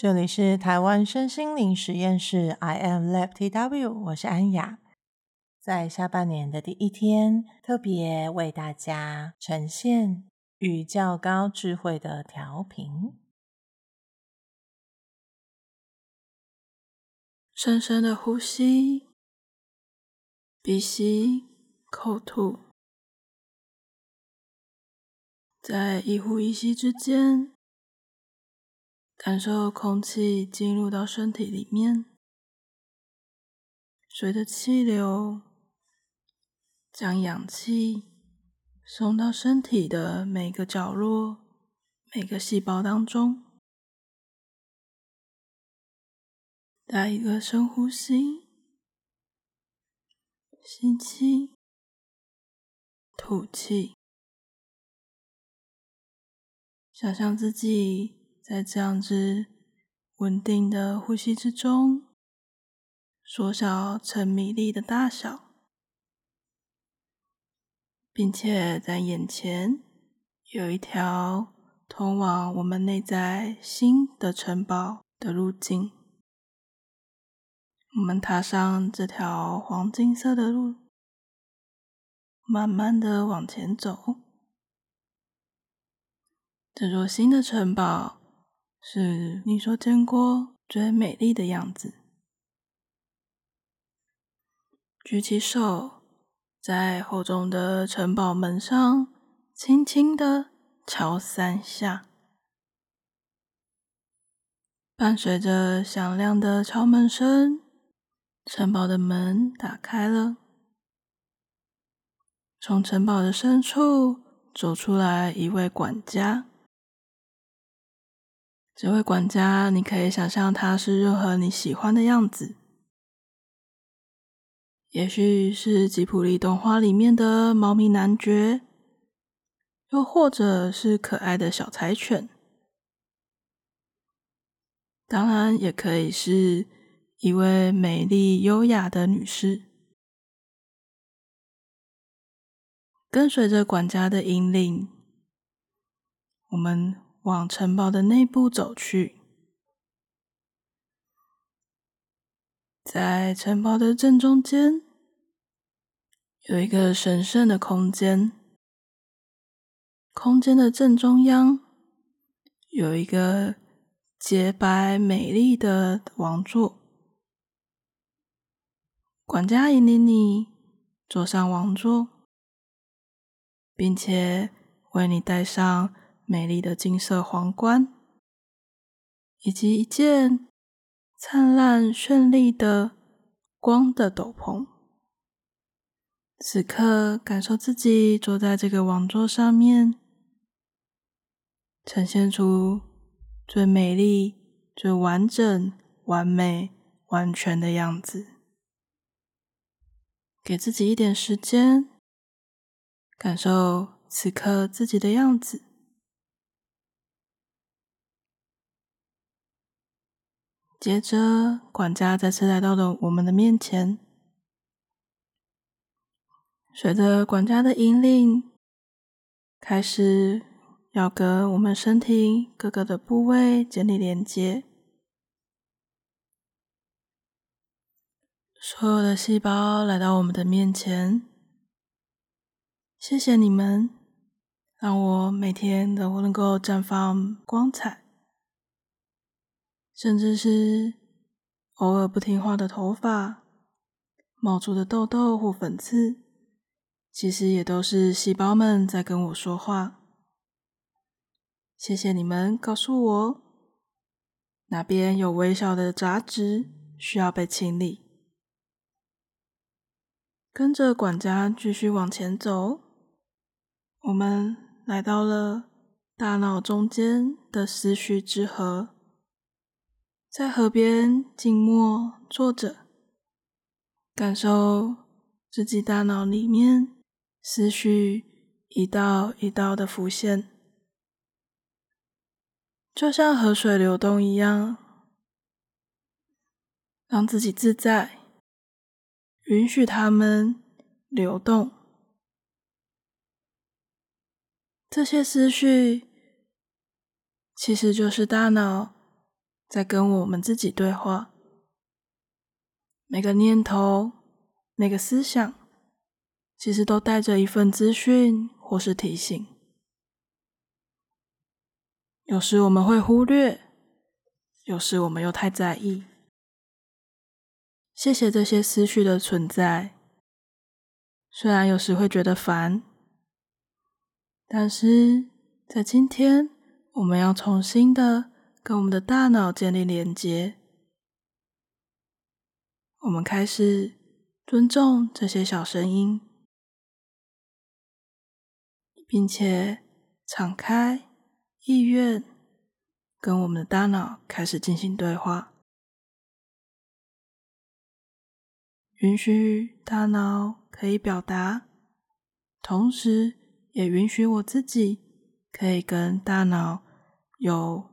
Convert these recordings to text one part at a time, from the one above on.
這裡是台灣身心靈實驗室，I am Lab TW，我是安雅，在下半年的第一天，特別為大家呈現與較高智慧的調頻。深深的呼吸，鼻吸口吐，在一呼一吸之間。感受空氣進入到身體裡面，隨着氣流將氧氣送到身體的每個角落、每個細胞當中。打一個深呼吸，吸氣，吐氣，想象自己。在這樣子穩定的呼吸之中，縮小成米粒的大小，並且在眼前有一條通往我們內在新的城堡的路徑。我們踏上這條黃金色的路，慢慢的往前走，這座新的城堡。是你所見過最美麗的樣子。舉起手，在厚重的城堡門上輕輕的敲三下。伴隨着響亮的敲門聲，城堡的門打開了。從城堡的深處走出來一位管家。這位管家，你可以想象他是任何你喜歡的樣子，也許是吉普力動畫裡面的貓咪男爵，又或者是可愛的小柴犬，當然也可以是一位美麗優雅的女士。跟隨着管家的引領，我們往城堡的內部走去，在城堡的正中間有一個神聖的空間，空間的正中央有一個潔白美麗的王座。管家引領你坐上王座，並且為你戴上。美麗的金色皇冠，以及一件燦爛絢麗的光的斗篷。此刻，感受自己坐在這個王座上面，呈現出最美麗、最完整、完美、完全的樣子。給自己一點時間，感受此刻自己的樣子。接着，管家再次來到了我們的面前。隨着管家的引領，開始要跟我們身體各個的部位建立連接。所有的細胞來到我們的面前，謝謝你們，讓我每天都能夠綻放光彩。甚至是偶爾不聽話的頭髮、冒出的痘痘或粉刺，其實也都是細胞們在跟我說話。謝謝你們告訴我哪邊有微小的雜質需要被清理。跟着管家繼續往前走，我們來到了大腦中間的思緒之河。在河邊靜默坐着，感受自己大腦裡面思緒一道一道的浮現，就像河水流動一樣，讓自己自在，允許它們流動。這些思緒其實就是大腦。在跟我們自己對話，每個念頭、每個思想，其實都帶着一份資訊或是提醒。有時我們會忽略，有時我們又太在意。謝謝這些思緒的存在，雖然有時會覺得煩，但是在今天，我們要重新的。跟我們的大腦建立連接，我們開始尊重這些小聲音，並且敞開意願，跟我們的大腦開始進行對話，允許大腦可以表達，同時也允許我自己可以跟大腦有。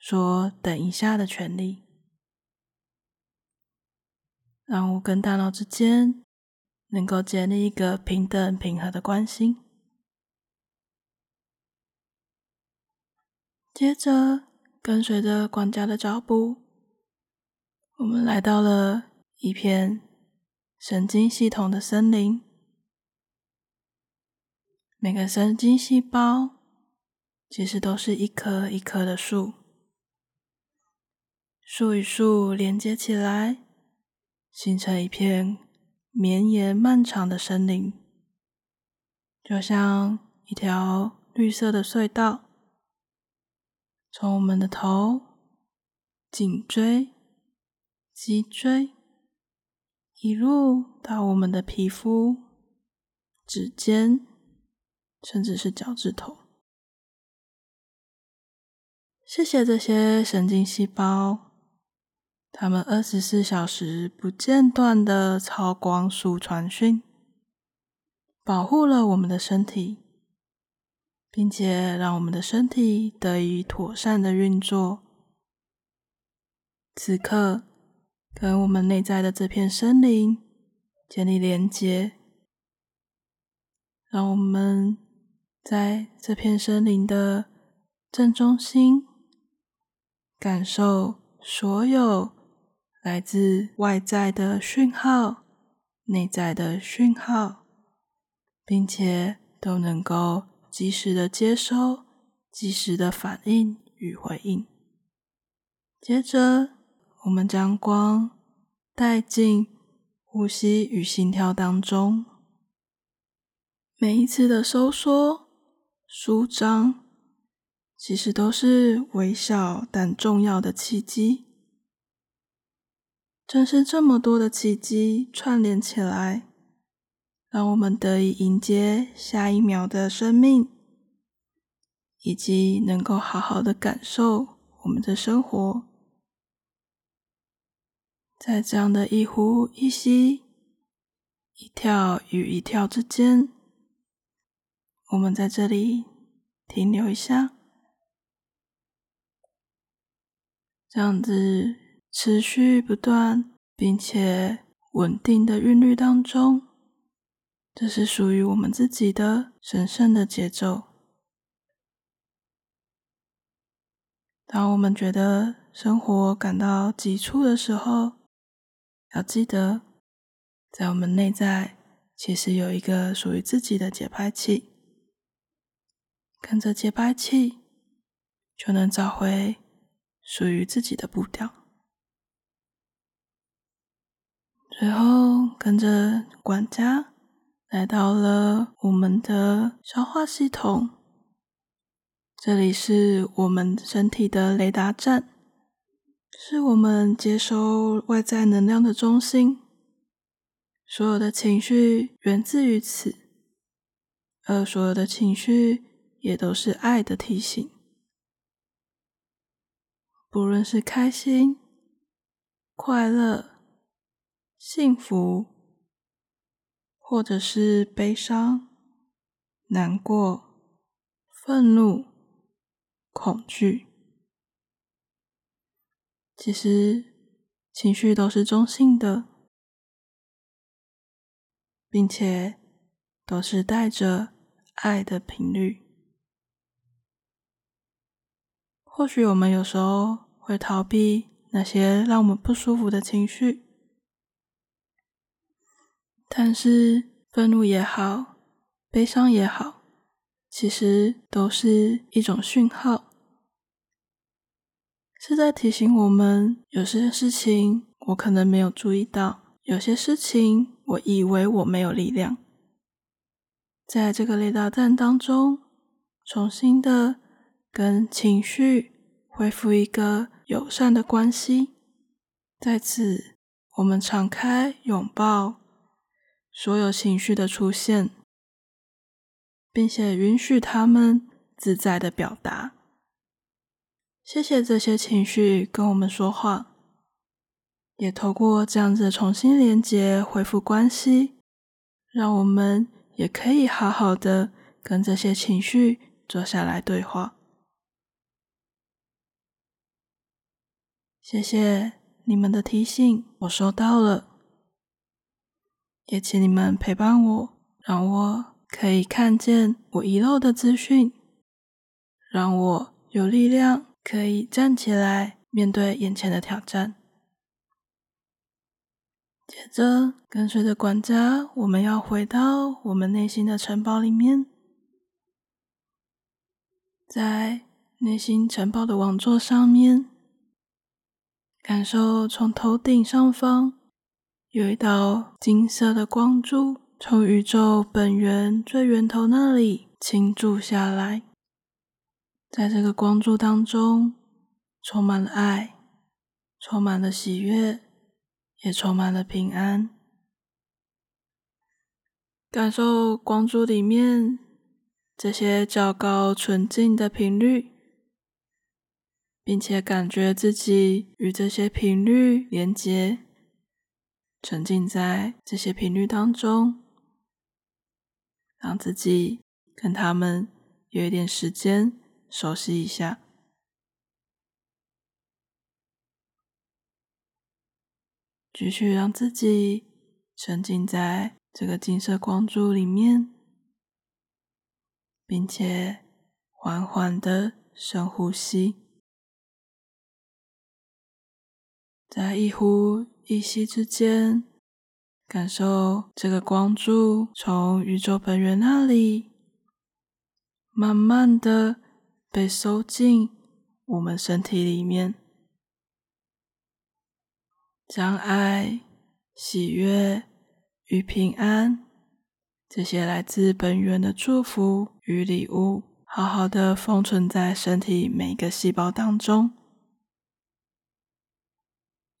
說“等一下”的權利，讓我跟大腦之間能夠建立一個平等、平和的關係。接着，跟隨着管家的腳步，我們來到了一片神經系統的森林。每個神經細胞其實都是一棵一棵的樹。樹與樹連接起來，形成一片綿延漫長的森林，就像一條綠色的隧道，從我們的頭、頸椎、脊椎，一路到我們的皮膚、指尖，甚至是腳趾頭。謝謝這些神經細胞。他們二十四小時不間斷的超光速傳訊，保護了我們的身體，並且讓我們的身體得以妥善的運作。此刻，跟我們內在的這片森林建立連接，讓我們在這片森林的正中心感受所有來自外在的訊號、內在的訊號，並且都能夠及時的接收，及時的反應與回應。接着，我們將光帶進呼吸與心跳當中，每一次的收縮、舒張，其實都是微小但重要的契機。正是這麼多的奇蹟串聯起來，讓我們得以迎接下一秒的生命，以及能夠好好的感受我們的生活。在這樣的一呼一吸、一跳與一跳之間，我們在這裡停留一下，這樣子，持續不斷並且穩定的韻律當中，這是屬於我們自己的神聖的節奏。當我們覺得生活感到急促的時候，要記得，在我們內在其實有一個屬於自己的節拍器，跟着節拍器就能找回屬於自己的步調。隨後跟着管家來到了我們的消化系統，這裡是我們身體的雷達站，是我們接收外在能量的中心。所有的情緒源自於此，而所有的情緒也都是愛的提醒。不論是開心、快樂，幸福，或者是悲傷、難過、憤怒、恐懼，其實情緒都是中性的，並且都是帶着愛的頻率。或許我們有時候會逃避那些讓我們不舒服的情緒。但是，憤怒也好，悲傷也好，其實都是一種訊號，是在提醒我們：有些事情我可能沒有注意到，有些事情我以為我沒有力量。在這個雷達站當中，重新的跟情緒恢復一個友善的關係。在此，我們敞開擁抱。所有情緒的出現，並且允許他們自在的表達。謝謝這些情緒跟我們說話，也透過這樣子重新連結、恢復關係，讓我們也可以好好的跟這些情緒坐下來對話。謝謝你們的提醒，我收到了。也請你們陪伴我，讓我可以看見我遺漏的資訊，讓我有力量可以站起來面對眼前的挑戰。接着，跟隨着管家，我們要回到我們內心的城堡裡面，在內心城堡的王座上面，感受從頭頂上方。有一道金色的光柱從宇宙本源最源頭那裡傾注下來，在這個光柱當中，充滿了愛，充滿了喜悅，也充滿了平安。感受光柱裡面這些較高純淨的頻率，並且感覺自己與這些頻率連接。沉浸在這些頻率當中，讓自己跟他們有一點時間熟悉一下。繼續讓自己沉浸在這個金色光柱裡面，並且緩緩地深呼吸，再一呼。一息之間，感受這個光柱從宇宙本源那裡，慢慢的被收進我們身體裡面，將愛、喜悅與平安這些來自本源的祝福與禮物，好好的封存在身體每一個細胞當中。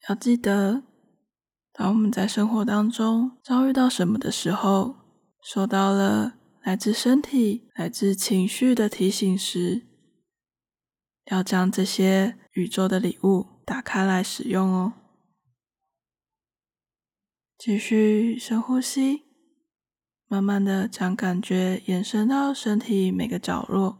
要記得。當我們在生活當中遭遇到什麼的時候，收到了來自身體、來自情緒的提醒時，要將這些宇宙的禮物打開來使用哦。繼續深呼吸，慢慢的將感覺延伸到身體每個角落，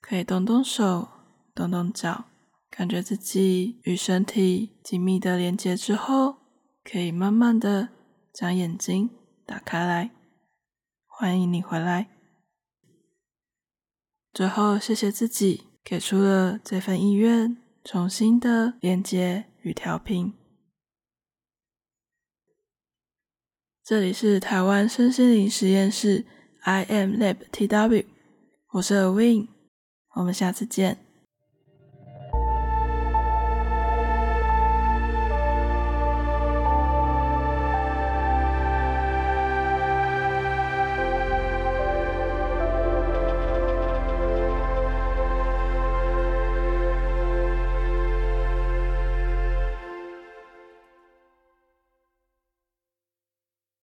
可以動動手，動動腳。感覺自己與身體緊密的連接之後，可以慢慢的將眼睛打開來，歡迎你回來。最後，謝謝自己給出了這份意願，重新的連接與調頻。這裡是台灣身心靈實驗室，I AM Lab TW，我是 Awind，我們下次見。